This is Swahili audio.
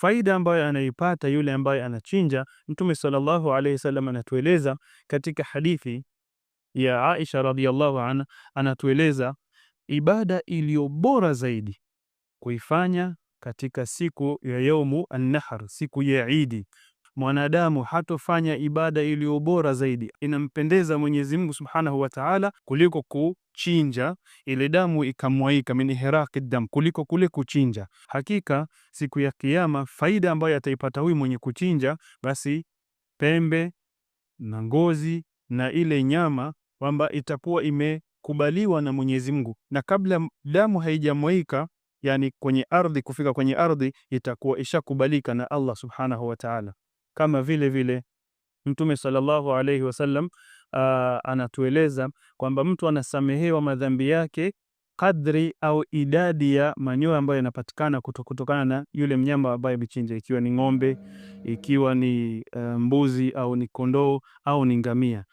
Faida ambayo anaipata yule ambaye anachinja, Mtume sallallahu alaihi wasallam anatueleza katika hadithi ya Aisha radhiallahu anha, anatueleza ibada iliyo bora zaidi kuifanya katika siku ya yaumu an-nahr, siku ya Idi mwanadamu hatofanya ibada iliyo bora zaidi, inampendeza Mwenyezi Mungu Subhanahu wa Ta'ala kuliko kuchinja ile damu ikamwaika, min hiraqi dam, kuliko kule kuchinja. Hakika siku ya Kiyama faida ambayo ataipata huyu mwenye kuchinja, basi pembe na ngozi na ile nyama kwamba itakuwa imekubaliwa na Mwenyezi Mungu, na kabla damu haijamwaika yani kwenye ardhi kufika kwenye ardhi itakuwa ishakubalika na Allah Subhanahu wa Ta'ala. Kama vile vile Mtume sallallahu alaihi wasallam ah, anatueleza kwamba mtu anasamehewa madhambi yake kadri au idadi ya manyoya ambayo yanapatikana kutokana na yule mnyama ambaye amechinja, ikiwa ni ng'ombe, ikiwa ni uh, mbuzi au ni kondoo au ni ngamia.